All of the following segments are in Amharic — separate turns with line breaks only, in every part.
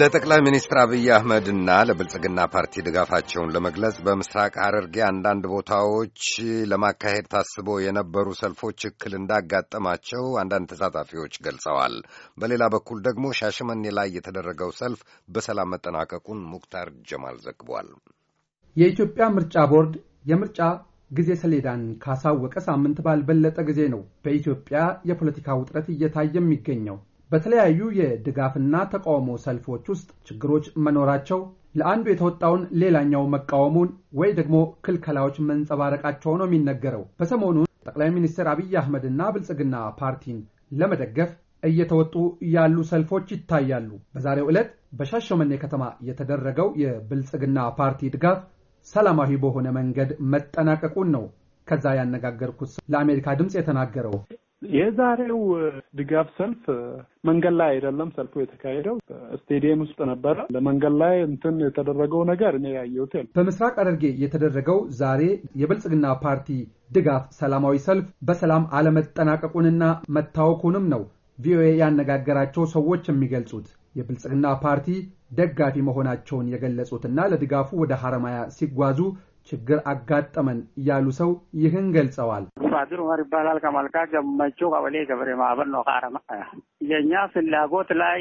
ለጠቅላይ ሚኒስትር አብይ አህመድና ለብልጽግና ፓርቲ ድጋፋቸውን ለመግለጽ በምስራቅ ሐረርጌ አንዳንድ ቦታዎች ለማካሄድ ታስቦ የነበሩ ሰልፎች እክል እንዳጋጠማቸው አንዳንድ ተሳታፊዎች ገልጸዋል። በሌላ በኩል ደግሞ ሻሸመኔ ላይ የተደረገው ሰልፍ በሰላም መጠናቀቁን ሙክታር ጀማል ዘግቧል።
የኢትዮጵያ ምርጫ ቦርድ የምርጫ ጊዜ ሰሌዳን ካሳወቀ ሳምንት ባልበለጠ ጊዜ ነው በኢትዮጵያ የፖለቲካ ውጥረት እየታየ የሚገኘው። በተለያዩ የድጋፍና ተቃውሞ ሰልፎች ውስጥ ችግሮች መኖራቸው ለአንዱ የተወጣውን ሌላኛው መቃወሙን ወይ ደግሞ ክልከላዎች መንጸባረቃቸው ነው የሚነገረው። በሰሞኑ ጠቅላይ ሚኒስትር አብይ አህመድና ብልጽግና ፓርቲን ለመደገፍ እየተወጡ ያሉ ሰልፎች ይታያሉ። በዛሬው ዕለት በሻሸመኔ ከተማ የተደረገው የብልጽግና ፓርቲ ድጋፍ ሰላማዊ በሆነ መንገድ መጠናቀቁን ነው ከዛ ያነጋገርኩት ለአሜሪካ ድምፅ የተናገረው
የዛሬው ድጋፍ ሰልፍ መንገድ ላይ አይደለም ሰልፉ የተካሄደው ስቴዲየም ውስጥ ነበረ። ለመንገድ ላይ እንትን የተደረገው ነገር እኔ ያየሁት
በምስራቅ ሐረርጌ የተደረገው ዛሬ የብልጽግና ፓርቲ ድጋፍ ሰላማዊ ሰልፍ በሰላም አለመጠናቀቁንና መታወኩንም ነው ቪኦኤ ያነጋገራቸው ሰዎች የሚገልጹት። የብልጽግና ፓርቲ ደጋፊ መሆናቸውን የገለጹትና ለድጋፉ ወደ ሐረማያ ሲጓዙ ችግር አጋጠመን ያሉ ሰው ይህን ገልጸዋል።
ባድር ዑመር ይባላል። ከመልካ ገመቹ ቀበሌ ገበሬ ማህበር ነው። ከአረማ የእኛ ፍላጎት ላይ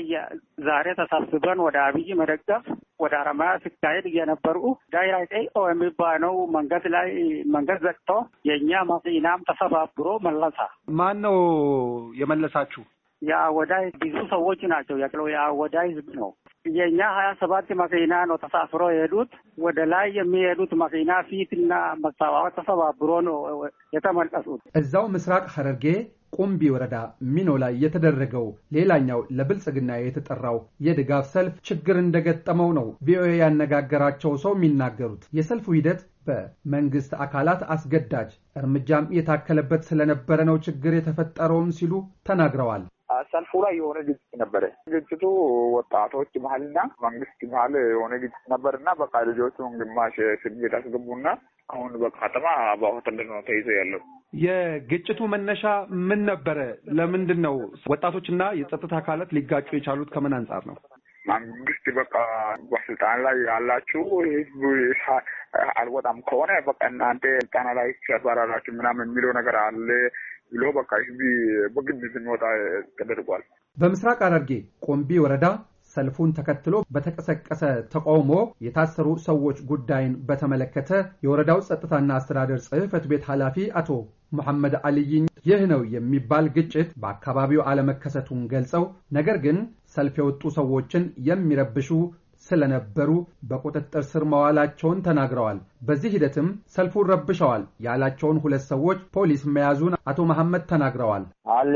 ዛሬ ተሰብስበን ወደ አብይ መደገፍ ወደ አረማያ ሲካሄድ እየነበሩ ዳይራ ቀይ የሚባለው መንገድ ላይ መንገድ ዘግቶ የእኛ መኪናም ተሰባብሮ መለሳ።
ማን ነው የመለሳችሁ?
የአወዳይ ብዙ ሰዎች ናቸው። የአወዳይ ህዝብ ነው የእኛ ሀያ ሰባት መኪና ነው ተሳፍሮ የሄዱት። ወደ ላይ የሚሄዱት መኪና ፊትና መስተዋት ተሰባብሮ ነው የተመለሱት።
እዛው ምስራቅ ሐረርጌ ቁምቢ ወረዳ ሚኖ ላይ የተደረገው ሌላኛው ለብልጽግና የተጠራው የድጋፍ ሰልፍ ችግር እንደገጠመው ነው ቪኦኤ ያነጋገራቸው ሰው የሚናገሩት። የሰልፉ ሂደት በመንግስት አካላት አስገዳጅ እርምጃም የታከለበት ስለነበረ ነው ችግር የተፈጠረውም ሲሉ ተናግረዋል።
ሰልፉ ላይ የሆነ ግጭት ነበረ። ግጭቱ ወጣቶች መሀልና መንግስት መሀል የሆነ ግጭት ነበር እና በቃ ልጆቹን ግማሽ እስር ቤት አስገቡና አሁን በቃ በሆቴል ነው ተይዞ ያለው።
የግጭቱ መነሻ ምን ነበረ? ለምንድን ነው ወጣቶችና የጸጥታ አካላት ሊጋጩ የቻሉት? ከምን አንጻር ነው?
መንግስት በቃ በስልጣን ላይ ያላችሁ ህዝቡ አልወጣም ከሆነ በቃ እናንተ ስልጣና ላይ ሲያባራራችሁ ምናምን የሚለው ነገር አለ ብሎ በቃ በግድ ስንወጣ ተደርጓል።
በምስራቅ ሐረርጌ ቆምቢ ወረዳ ሰልፉን ተከትሎ በተቀሰቀሰ ተቃውሞ የታሰሩ ሰዎች ጉዳይን በተመለከተ የወረዳው ጸጥታና አስተዳደር ጽሕፈት ቤት ኃላፊ አቶ መሐመድ አልይኝ ይህ ነው የሚባል ግጭት በአካባቢው አለመከሰቱን ገልጸው ነገር ግን ሰልፍ የወጡ ሰዎችን የሚረብሹ ስለነበሩ በቁጥጥር ስር መዋላቸውን ተናግረዋል። በዚህ ሂደትም ሰልፉን ረብሸዋል ያላቸውን ሁለት ሰዎች ፖሊስ መያዙን አቶ መሐመድ ተናግረዋል።
አል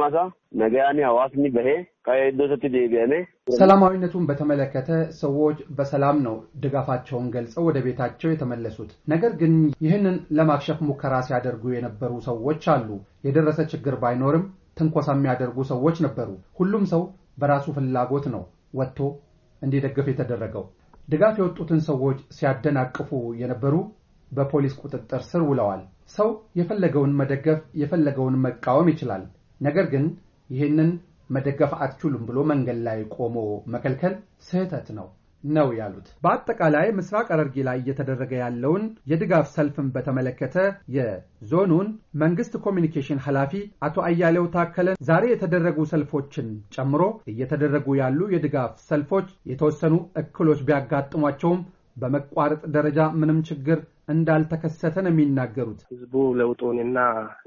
ማሳ ነገያኔ አዋስኒ በሄ ከዶሰት ዴቢያኔ
ሰላማዊነቱን በተመለከተ ሰዎች በሰላም ነው ድጋፋቸውን ገልጸው ወደ ቤታቸው የተመለሱት። ነገር ግን ይህንን ለማክሸፍ ሙከራ ሲያደርጉ የነበሩ ሰዎች አሉ። የደረሰ ችግር ባይኖርም ትንኮሳ የሚያደርጉ ሰዎች ነበሩ። ሁሉም ሰው በራሱ ፍላጎት ነው ወጥቶ እንዲደግፍ የተደረገው። ድጋፍ የወጡትን ሰዎች ሲያደናቅፉ የነበሩ በፖሊስ ቁጥጥር ስር ውለዋል። ሰው የፈለገውን መደገፍ የፈለገውን መቃወም ይችላል። ነገር ግን ይህንን መደገፍ አትችሉም ብሎ መንገድ ላይ ቆሞ መከልከል ስህተት ነው። ነው ያሉት። በአጠቃላይ ምስራቅ ሐረርጌ ላይ እየተደረገ ያለውን የድጋፍ ሰልፍን በተመለከተ የዞኑን መንግስት ኮሚኒኬሽን ኃላፊ አቶ አያሌው ታከለን ዛሬ የተደረጉ ሰልፎችን ጨምሮ እየተደረጉ ያሉ የድጋፍ ሰልፎች የተወሰኑ እክሎች ቢያጋጥሟቸውም በመቋረጥ ደረጃ ምንም ችግር እንዳልተከሰተ ነው የሚናገሩት። ህዝቡ
ለውጡንና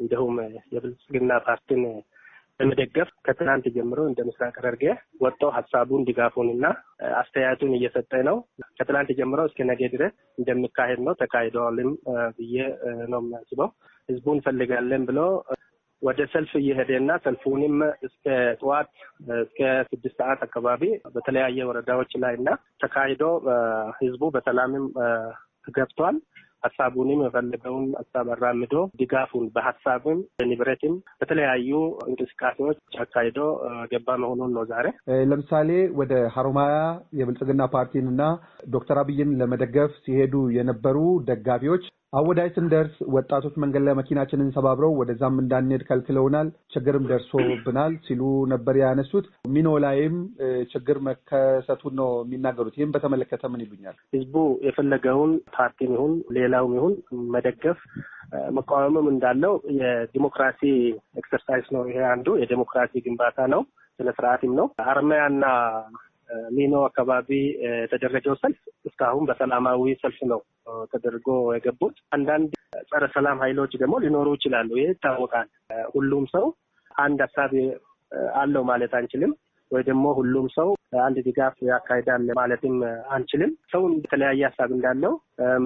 እንዲሁም የብልጽግና ፓርቲን በመደገፍ ከትናንት ጀምሮ እንደ ምስራቅ ሐረርጌ ወጥቶ ሀሳቡን ድጋፉንና አስተያየቱን እየሰጠ ነው። ከትናንት ጀምሮ እስከ ነገ ድረስ እንደሚካሄድ ነው። ተካሂደዋልም ብዬ ነው የሚያስበው። ህዝቡን እንፈልጋለን ብሎ ወደ ሰልፍ እየሄደና ሰልፉንም እስከ ጠዋት እስከ ስድስት ሰዓት አካባቢ በተለያየ ወረዳዎች ላይ እና ተካሂዶ ህዝቡ በሰላምም ገብቷል። ሀሳቡን የፈለገውን ሀሳብ አራምዶ ድጋፉን በሀሳብም በንብረትም በተለያዩ እንቅስቃሴዎች አካሂዶ ገባ መሆኑን ነው። ዛሬ
ለምሳሌ ወደ ሀሮማያ የብልጽግና እና ዶክተር አብይን ለመደገፍ ሲሄዱ የነበሩ ደጋፊዎች አወዳይ ስንደርስ ወጣቶች መንገድ ላይ መኪናችንን ሰባብረው ወደዛም እንዳንሄድ ከልክለውናል፣ ችግርም ደርሶብናል ሲሉ ነበር ያነሱት። ሚኖ ላይም ችግር መከሰቱን ነው የሚናገሩት። ይህም በተመለከተ ምን ይሉኛል? ህዝቡ የፈለገውን ፓርቲም ይሁን
ሌላውም ይሁን መደገፍ መቃወምም እንዳለው የዲሞክራሲ ኤክሰርሳይዝ ነው። ይሄ አንዱ የዲሞክራሲ ግንባታ ነው፣ ስነ ስርዓትም ነው። አርማያና ሚኖ አካባቢ የተደረገው ሰልፍ እስካሁን በሰላማዊ ሰልፍ ነው ተደርጎ የገቡት። አንዳንድ ጸረ ሰላም ኃይሎች ደግሞ ሊኖሩ ይችላሉ። ይህ ይታወቃል። ሁሉም ሰው አንድ ሀሳብ አለው ማለት አንችልም፣ ወይ ደግሞ ሁሉም ሰው አንድ ድጋፍ ያካሂዳል ማለትም አንችልም። ሰው የተለያየ ሀሳብ እንዳለው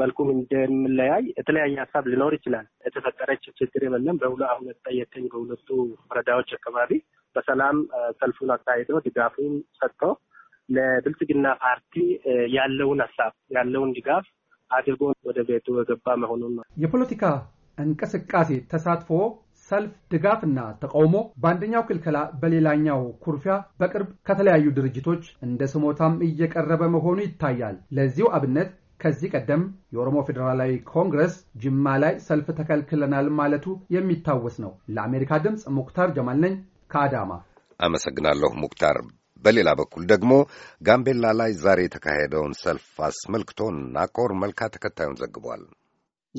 መልኩም እንደምለያይ የተለያየ ሀሳብ ሊኖር ይችላል። የተፈጠረች ችግር የለም። በሁሉ አሁን ጠየቀኝ በሁለቱ ወረዳዎች አካባቢ በሰላም ሰልፉን አካሂደው ድጋፉን ሰጥቶ ለብልጽግና ፓርቲ ያለውን ሀሳብ ያለውን ድጋፍ አድርጎ ወደ ቤቱ የገባ መሆኑን ነው።
የፖለቲካ እንቅስቃሴ ተሳትፎ ሰልፍ፣ ድጋፍና ተቃውሞ በአንደኛው ክልከላ፣ በሌላኛው ኩርፊያ በቅርብ ከተለያዩ ድርጅቶች እንደ ስሞታም እየቀረበ መሆኑ ይታያል። ለዚሁ አብነት ከዚህ ቀደም የኦሮሞ ፌዴራላዊ ኮንግረስ ጅማ ላይ ሰልፍ ተከልክለናል ማለቱ የሚታወስ ነው። ለአሜሪካ ድምፅ ሙክታር ጀማል ነኝ ከአዳማ
አመሰግናለሁ ሙክታር። በሌላ በኩል ደግሞ ጋምቤላ ላይ ዛሬ የተካሄደውን ሰልፍ አስመልክቶ ናኮር መልካ ተከታዩን ዘግቧል።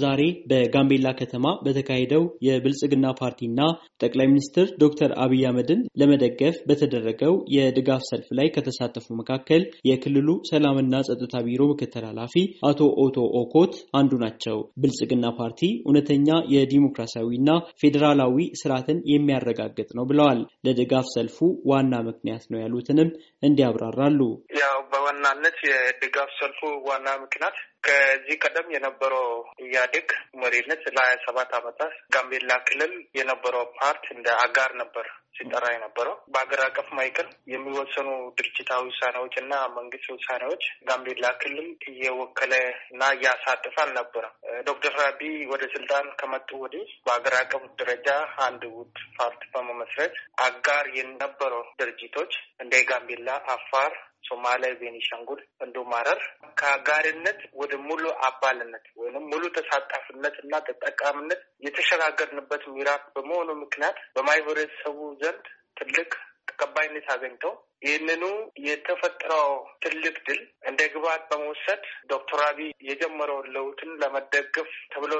ዛሬ በጋምቤላ ከተማ በተካሄደው የብልጽግና ፓርቲና ጠቅላይ ሚኒስትር ዶክተር አብይ አህመድን ለመደገፍ በተደረገው የድጋፍ ሰልፍ ላይ ከተሳተፉ መካከል የክልሉ ሰላምና ጸጥታ ቢሮ ምክትል ኃላፊ አቶ ኦቶ ኦኮት አንዱ ናቸው። ብልጽግና ፓርቲ እውነተኛ የዲሞክራሲያዊና ፌዴራላዊ ስርዓትን የሚያረጋግጥ ነው ብለዋል። ለድጋፍ ሰልፉ ዋና ምክንያት ነው ያሉትንም እንዲያብራራሉ። ያው በዋናነት የድጋፍ ሰልፉ
ዋና ምክንያት ከዚህ ቀደም የነበረው ኢህአዴግ መሪነት ለሀያ ሰባት አመታት ጋምቤላ ክልል የነበረው ፓርት እንደ አጋር ነበር ሲጠራ የነበረው በሀገር አቀፍ ማዕቀፍ የሚወሰኑ ድርጅታዊ ውሳኔዎች እና መንግስት ውሳኔዎች ጋምቤላ ክልል እየወከለ እና እያሳተፈ አልነበረ። ዶክተር አብይ ወደ ስልጣን ከመጡ ወዲህ በሀገር አቀፍ ደረጃ አንድ ውድ ፓርቲ በመመስረት አጋር የነበረው ድርጅቶች እንደ ጋምቤላ፣ አፋር ሶማሌ፣ ቤኒሻንጉል፣ እንዲሁም ሐረር ከአጋርነት ወደ ሙሉ አባልነት ወይም ሙሉ ተሳታፊነት እና ተጠቃሚነት የተሸጋገርንበት ምዕራፍ በመሆኑ ምክንያት በማህበረሰቡ ዘንድ ትልቅ ተቀባይነት አገኝተው ይህንኑ የተፈጠረው ትልቅ ድል እንደ ግብዓት በመውሰድ ዶክተር አብይ የጀመረውን ለውጥን ለመደገፍ ተብሎ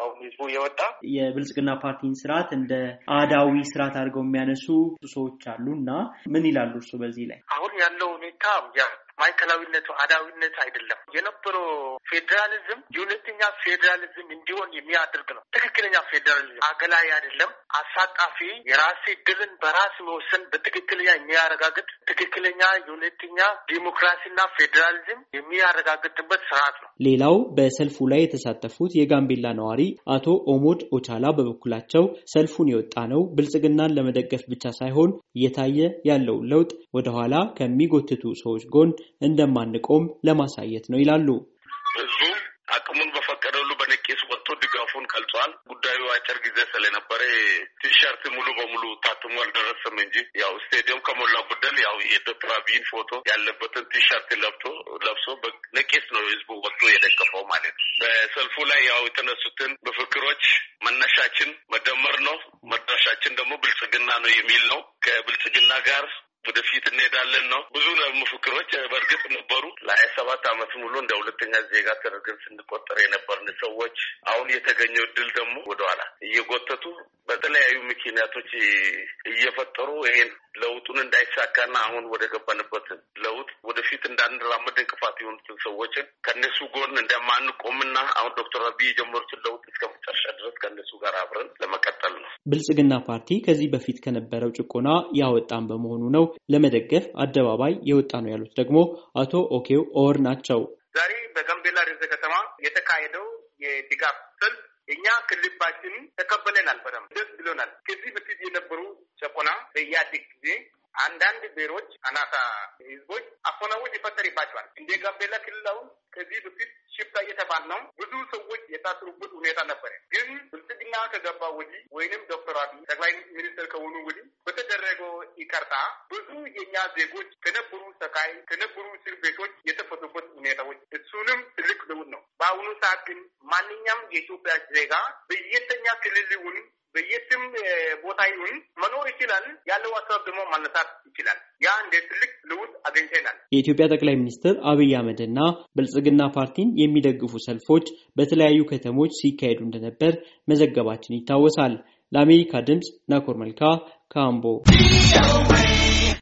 አሁን ህዝቡ እየወጣ
የብልጽግና ፓርቲን ስርዓት እንደ አዳዊ ስርዓት አድርገው የሚያነሱ ሰዎች አሉ እና ምን ይላሉ እርሱ በዚህ ላይ አሁን ያለው
ሁኔታ ማዕከላዊነቱ አዳዊነት አይደለም። የነበረው ፌዴራሊዝም የሁለተኛ ፌዴራሊዝም እንዲሆን የሚያደርግ ነው። ትክክለኛ ፌዴራሊዝም አገላይ አይደለም፣ አሳጣፊ የራሴ ድልን በራስ መወሰን በትክክለኛ የሚያረጋግጥ ትክክለኛ የሁለተኛ ዲሞክራሲና ፌዴራሊዝም የሚያረጋግጥበት
ስርዓት ነው። ሌላው በሰልፉ ላይ የተሳተፉት የጋምቤላ ነዋሪ አቶ ኦሞድ ኦቻላ በበኩላቸው ሰልፉን የወጣ ነው ብልጽግናን ለመደገፍ ብቻ ሳይሆን እየታየ ያለውን ለውጥ ወደኋላ ከሚጎትቱ ሰዎች ጎን እንደማንቆም ለማሳየት ነው ይላሉ። ህዝቡም አቅሙን
በፈቀደ ሁሉ በነቄሱ ወጥቶ ድጋፉን ገልጿል። ጉዳዩ አጭር ጊዜ ስለነበረ ቲሸርት ሙሉ በሙሉ ታትሞ አልደረሰም እንጂ ያው ስቴዲየም ከሞላ ጎደል ያው የዶክተር አብይን ፎቶ ያለበትን ቲሸርት ለብቶ ለብሶ በነቄስ ነው ህዝቡ ወጥቶ የደገፈው ማለት ነው። በሰልፉ ላይ ያው የተነሱትን መፈክሮች መነሻችን መደመር ነው መድረሻችን ደግሞ ብልጽግና ነው የሚል ነው። ከብልጽግና ጋር ወደፊት እንሄዳለን ነው። ብዙ ምፍክሮች በእርግጥ ነበሩ። ለሀያ ሰባት አመት ሙሉ እንደ ሁለተኛ ዜጋ ተደርገን ስንቆጠር የነበርን ሰዎች አሁን የተገኘው እድል ደግሞ ወደኋላ እየጎተቱ በተለያዩ ምክንያቶች እየፈጠሩ ይሄን ለውጡን እንዳይሳካና አሁን ወደ ገባንበት ለውጥ ወደፊት እንዳንራመድ እንቅፋት የሆኑትን ሰዎችን ከእነሱ ጎን እንደማንቆምና አሁን ዶክተር አብይ የጀመሩትን ለውጥ እስከ መጨረሻ
ድረስ ከእነሱ ጋር አብረን ለመቀጠል ነው። ብልጽግና ፓርቲ ከዚህ በፊት ከነበረው ጭቆና ያወጣን በመሆኑ ነው ለመደገፍ አደባባይ የወጣ ነው ያሉት ደግሞ አቶ ኦኬው ኦር ናቸው። ዛሬ በጋምቤላ ርዕሰ ከተማ የተካሄደው የድጋፍ ሰልፍ
እኛ ክልባችን ተቀበለናል። በጣም ደስ ብሎናል። ከዚህ በፊት የነበሩ ጭቆና በኢህአዴግ ጊዜ አንዳንድ ብሔሮች አናሳ ህዝቦች አፈናዎች ይፈጠርባቸዋል። እንደ ጋምቤላ ክልላውን ከዚህ በፊት ሽፍታ እየተባል ነው ብዙ ሰዎች የታስሩበት ሁኔታ ነበረ። ግን ብልጽግና ከገባ ወዲህ ወይንም ዶክተር አብይ ጠቅላይ ሚኒስትር ከሆኑ ወዲህ በተደረገው ይቅርታ ብዙ የኛ ዜጎች ከነበሩ ሰካይ ከነበሩ እስር ቤቶች የተፈቱበት ሁኔታዎች እሱንም ትልቅ ልውን ነው። በአሁኑ ሰዓት ግን ማንኛውም የኢትዮጵያ ዜጋ በየተኛ ክልል ይሁን በየትም ቦታ ይሁን መኖር ይችላል። ያለው አሰብ ደግሞ ማነሳት ይችላል። ያ እንደ ትልቅ ልውጥ አገኝተናል።
የኢትዮጵያ ጠቅላይ ሚኒስትር አብይ አህመድና ብልጽግና ፓርቲን የሚደግፉ ሰልፎች በተለያዩ ከተሞች ሲካሄዱ እንደነበር መዘገባችን ይታወሳል። ለአሜሪካ ድምፅ ናኮር መልካ ካምቦ